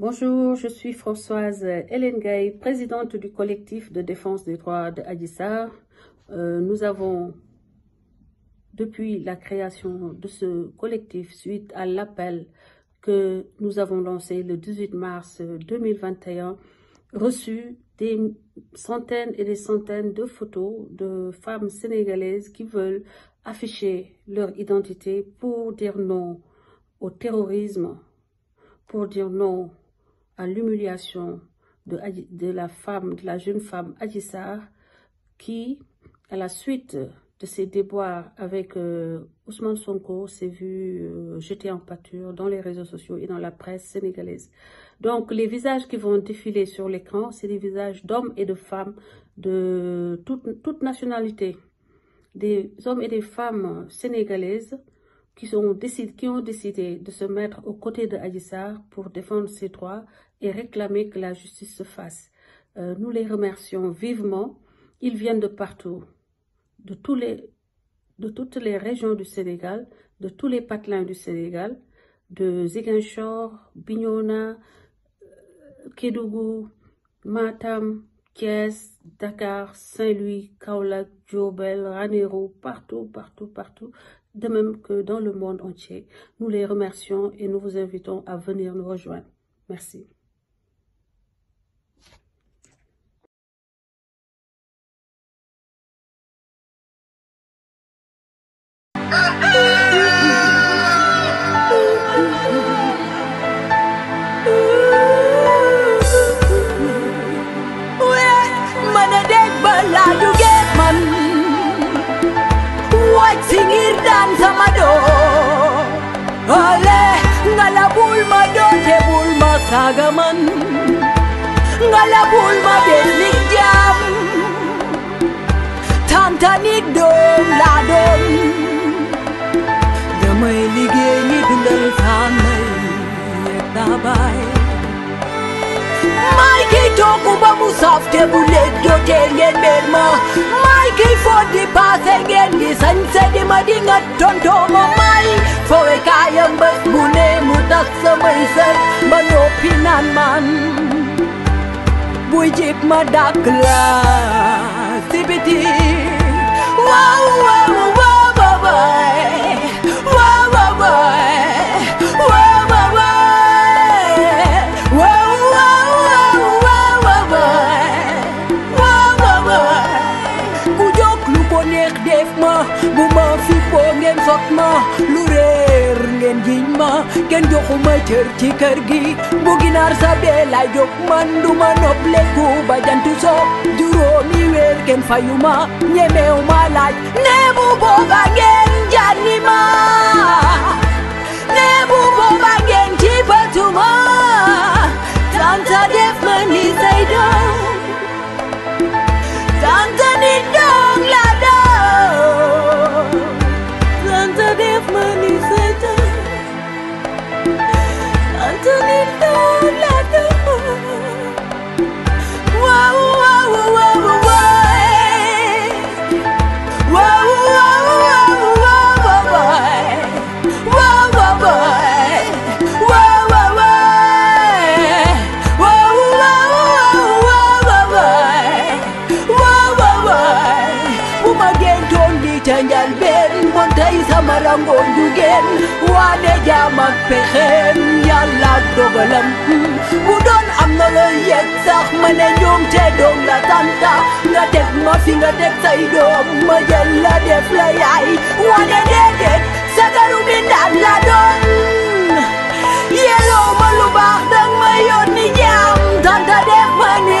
Bonjour, je suis Françoise Hélène Gay, présidente du collectif de défense des droits de Hadissar. Euh, nous avons, depuis la création de ce collectif, suite à l'appel que nous avons lancé le 18 mars 2021, reçu des centaines et des centaines de photos de femmes sénégalaises qui veulent afficher leur identité pour dire non au terrorisme, pour dire non à l'humiliation de, la femme, de la jeune femme Adjissar, qui, à la suite de ses déboires avec euh, Ousmane Sonko, s'est vu euh, jetée en pâture dans les réseaux sociaux et dans la presse sénégalaise. Donc, les visages qui vont défiler sur l'écran, c'est des visages d'hommes et de femmes de toute nationalité, des hommes et des femmes sénégalaises qui, ont décidé, de se mettre aux côtés de Adissar pour défendre ses droits et réclamer que la justice se fasse. Euh, nous les remercions vivement. Ils viennent de partout, de, toutes les régions du Sénégal, de tous les patelins du Sénégal, de Ziguinchor, Bignona, euh, Kédougou, Matam, Kies, Dakar, Saint-Louis, Kaolack, Djobel, Ranero, partout, partout, partout de même que dans le monde entier. Nous les remercions et nous vous invitons à venir nous rejoindre. Merci. Sagamın Gala bulma tanta Tantani dom la dom Yamay ligeni gülay tanay Yektabay Mai kei toku ba musaf te bulet do tengen merma Mai kei for di pasengen di sanse di madingat tontomo Mai fowe kayam bas bune mutak samay sar lan man Buổi dịp mà đã là CPT Wow wow wow wow wow lure kër ngeen jiñ ma kenn joxuma cër ci kër gi bu ginaar sabee la jóg man duma noppaleku ba jant so juróomi weer kenn fayuma ñemeew ma laaj ne bu booba ngeen jànni ma ben montai samarangon dugen wane jamak pechem yalla dogalam budon amno lo yet sax mane ñom te dom la tanta nga tek ma fi nga tek say dom ma jël la def la yaay wane dedet sagaru mi ndaan la doon yelo ma lu baax dang ma yoni jam tanta def ma ni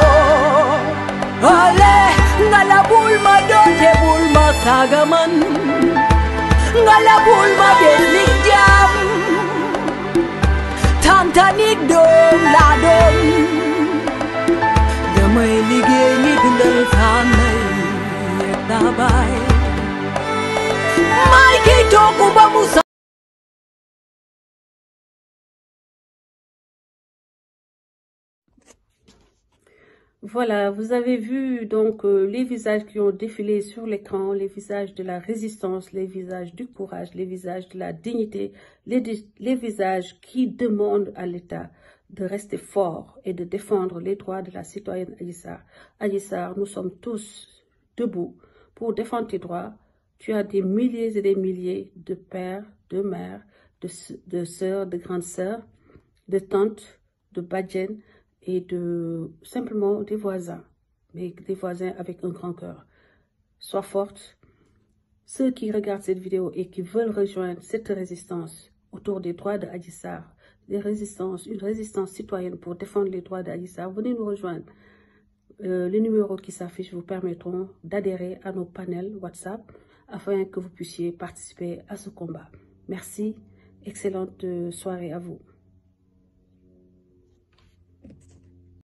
Sagamon Ngalabul mabelik jam Tantanik dom la dom Damay ligay ni gundal tanay Yet nabay Mai kay toku bamusa Voilà, vous avez vu donc euh, les visages qui ont défilé sur l'écran, les visages de la résistance, les visages du courage, les visages de la dignité, les, visages qui demandent à l'État de rester fort et de défendre les droits de la citoyenne Aïssar. Aïssar, nous sommes tous debout pour défendre tes droits. Tu as des milliers et des milliers de pères, de mères, de, de sœurs, de grandes sœurs, de tantes, de badiennes, et de simplement des voisins, mais des voisins avec un grand cœur. Sois forte. Ceux qui regardent cette vidéo et qui veulent rejoindre cette résistance autour des droits de Hadissar, des résistances, une résistance citoyenne pour défendre les droits d'Adissar, venez nous rejoindre. Euh, les numéros qui s'affichent vous permettront d'adhérer à nos panels WhatsApp afin que vous puissiez participer à ce combat. Merci, excellente euh, soirée à vous.